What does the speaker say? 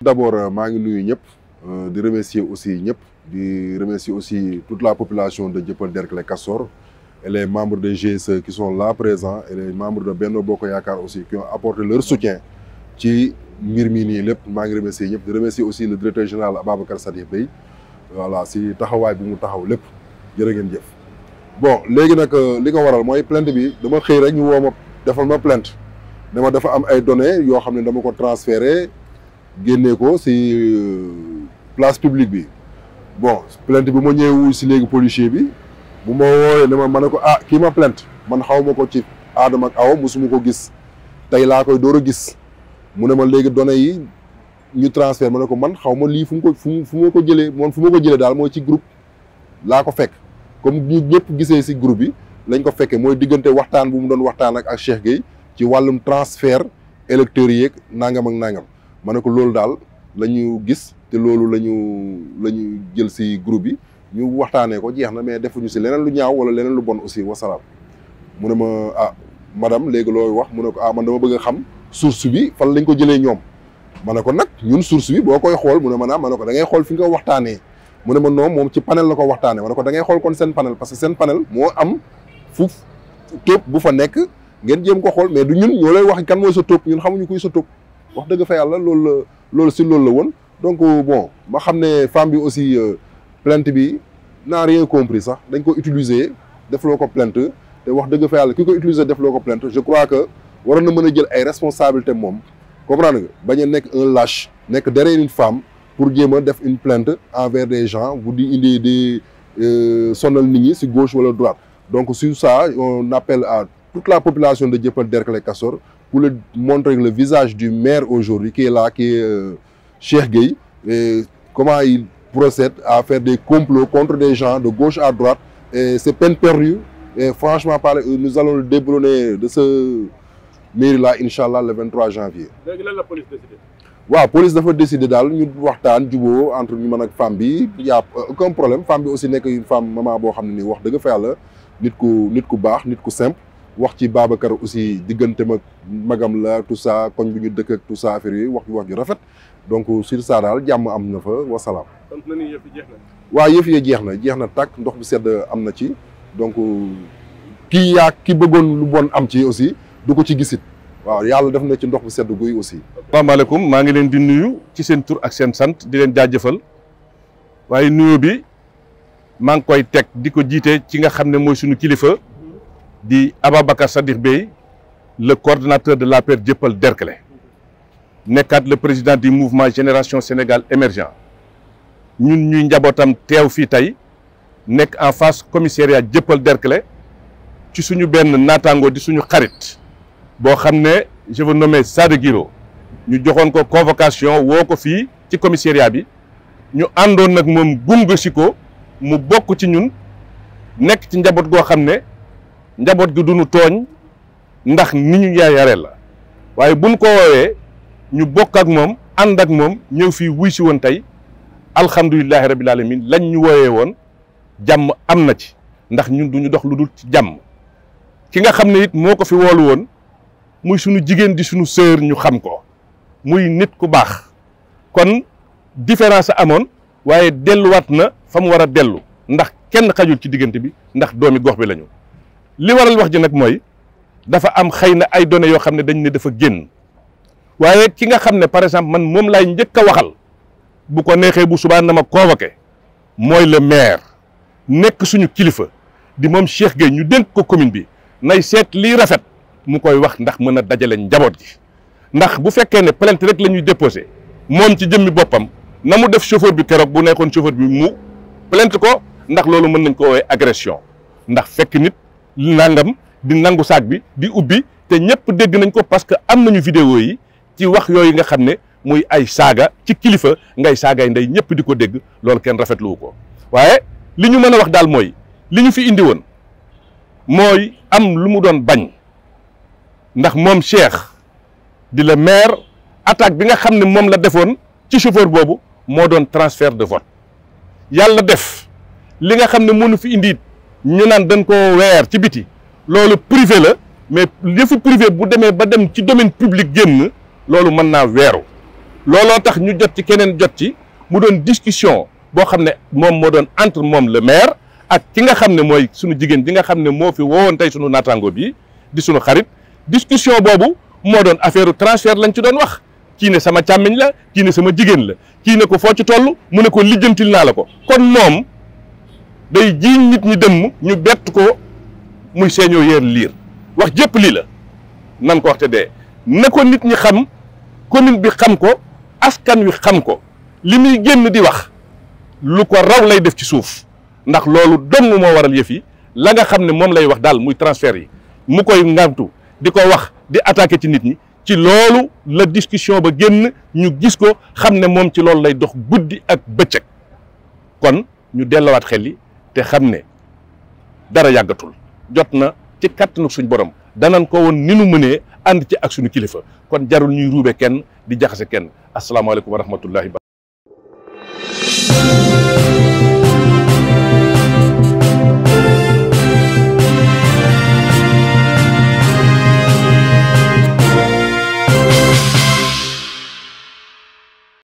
d' abord euh, maa ngi nuyu ñëpp euh, di remercier aussi ñëpp di remercier aussi toute la population de Dieuppeul Derklé Castors et les membres des GSE qui sont là présents et les membres de Benno Bokk Yaakaar aussi qui ont apporté leur soutien ci mbir mii nii lépp maa ngi remercier ñëpp di remercier aussi le directeur général Ababacar Sadie Bey voilà si taxawaay bi mu taxaw lépp jërë ngeen jëf. bon léegi nag euh, li ko waral mooy plainte bi dama xëy rek ñu woo ma defal ma plainte dama dafa am ay données yoo xam ne dama ko transféré. génnee ko si euh, place publique bi bon plainte bi ma ñëwee si léegi policier bi bu ma woowee ne ma ma ne ko ah kii ma plant man xaw ma ko ci aadama ak awa musuma ko gis tey laa koy door a gis mu ne ma léegi données yi ñu transfert ma ne ko man xaw ma lii fu mu ko fu fu ma ko jëlee moom fu ma ko jëlee daal mooy ci group laa ko fekk comme ñu ñëpp gisee si groupe bi lañ ko fekkee mooy diggante waxtaan bu mu doon waxtaan ak ak Cheikh Gueye ci wàllum transfert électeurs yeeg nangam ak nangam ma ne ko loolu daal la ñu gis te loolu la ñu la ñu jël si groupe bi ñu waxtaanee ko jeex na mais defuñu si leneen lu ñaaw wala leneen lu bon aussi wasalaam mu ne ma ah madame léegi looy wax mu ne ko ah man dama bëgg a xam source bi fan lañ ko jëlee ñoom ma ne ko nag ñun source bi boo koy xool mu ne ma naa ah, ma ne ko da ngay xool fi nga ko waxtaanee mu ne ma non moom ci panel la ko waxtaanee ma ko dangay xool kon seen panel parce que seen panel moo am fu képp bu fa nekk ngeen jéem ko xool mais du ñun ñoo lay wax kan mooy sa tóob ñun xamuñu kuy sa tóob wax dëgg fa yàlla loolu la loolu si loolu la woon donc bon ma xam ne femme bi aussi euh, plainte bi n'a rien compris sax dañ ko utiliser loo ko plainte te wax dëgg fa yàlla ki ko def loo ko plainte je crois que waroon na mën a jël ay responsabilité moom comprendre nga nekk un lâche nekk derrière une femme pour jéem a def une plainte envers des gens bu di indi di euh, sonal nit ñi si gauche wala droite donc su ça on appelle à toute la population de Dieuppeul Derklé Castors pour le montrer le visage du maire aujourd'hui qui est là, qui est euh, Cheikh comment il procède à faire des complots contre des gens de gauche à droite. C'est peine perdue. Et franchement, euh, nous allons le déboulonner de ce mairie-là, Inch'Allah, le janvier. la police décidé. waaw police dafa décidé daal ñu waxtaan juboo entre ñu ak femme bi y' a aucun problème femme bi aussi nekk une femme maman boo xam ne nii wax dëgg fa yàlla nit ku nit ku baax simple. wax ci Babacar aussi diggante ak magam la tout koñ bi ñu dëkk ak tout ça wax ju wax ju rafet donc sur ça daal jàmm am na fa wasalaam. sant na ni yëf yi jeex na. jeex na tàkk ndox bu sedd am na ci donc kii yaa ki bëggoon lu bon am ci aussi du ko ci gisit waaw yàlla def na ci ndox bu sedd guy aussi. asalaamaaleykum maa ngi leen di nuyu ci seen tur ak seen sant di leen jaajëfal waaye nuyo bi maa ngi koy teg di ko jiite ci nga xam ne mooy suñu kilifa. di Ababacar Sadikh Bey le coordonnateur de l'APR Dieuppeul Derklé nekkaat le président du mouvement Génération Sénégal Émergent ñun ñuy njabootam teew fii tey nekk en face commissariat Dieuppeul Derklé ci suñu benn naataango di suñu xarit boo xam ne je veux nommer Guiro ñu joxoon ko convocation woo ko fii ci commissariat bi ñu àndoon nag moom gunga si ko mu bokk ci ñun nekk ci njaboot goo xam ne njaboot gi duñu tooñ ndax ni ñu yare la waaye buñ ko woowee ñu bokk ak moom ànd ak moom ñëw fii wuy si woon tey alhamdulilahi rabil alamin lañ ñu wooyee woon jàmm am na ci ndax ñun duñu dox lu dul ci jàmm ki nga xam ne it moo ko fi woolu woon muy sunu jigéen di sunu sœur ñu xam ko muy nit ku baax kon différence amoon waaye delluwaat na fa mu war a dellu ndax kenn xajul ci diggante bi ndax doomi gox bi lañu li waral wax ji nag mooy dafa am xëy na ay données yoo xam ne dañ ne dafa génn waaye ki nga xam ne par exemple man moom lay njëkk a waxal bu ko neexee bu subaa na ma convoqué mooy le maire nekk suñu kilifa di moom Cheikh Gueye ñu dénk ko commune bi nay seet lii rafet mu koy wax ndax mën a dajale njaboot gi ndax bu fekkee ne plainte rek la ñuy déposé moom ci jëmmi boppam na mu def chauffeur bi keroog bu nekkoon chauffeur bi mu plainte ko ndax loolu mën nañ ko woowee agression ndax fekk nit. nangam di nangu saag bi di ubbi te ñëpp dégg nañ ko parce que am nañu vidéo yi ci wax yooyu nga xam ne muy ay saaga ci kilifa ngay saaga saagay ndey ñëpp di ko dégg loolu kenn rafetluwu ko waaye li ñu mën a wax daal mooy li ñu fi indi woon mooy am lu mu doon bañ ndax moom Cheikh di la maire attaque bi nga xam ne moom la defoon ci chauffeur boobu moo doon transfert de vote yàlla def li nga xam ne mënu fi indi ñu naan dañ ko weer ci biti loolu privé la mais yëfu privé bu demee ba dem ci domaine public génn loolu mën naa weeru looloo tax ñu jot ci keneen jot ci mu doon discussion boo xam ne moom moo doon entre moom le maire ak ki nga xam ne mooy sunu jigéen ji nga xam ne moo fi woowoon tey sunu naataango bi di sunu xarit discussion boobu moo doon affaire transfert lañ ci doon wax ci ne sama càmmiñ la kii ne sama jigéen la kii ne ko foo ci toll mu ne ko lijjantil naa la ko kon moom day jiiñ nit ñi dëmm ñu bett ko muy seeñoo yéer liir wax jépp lii la nan ko wax de dee na ko nit ñi xam commune bi xam ko askan wi xam ko li muy génn di wax lu ko raw lay def ci suuf ndax loolu dong moo waral yëf yi la nga xam ne moom lay wax daal muy transfert yi mu koy ngantu di ko wax di attaqué ci nit ñi ci loolu la discussion ba génn ñu gis ko xam ne moom ci loolu lay dox guddi ak bëccëg kon ñu dellowaat xel yi te xam ne dara yàggatul jot na ci kàttanu suñ borom danañ ko woon ni nu mënee ànd ci ak suñu kilifa kon jarul ñuy ruube kenn di jaxase kenn asalaamaaleykum wa rahmatullahi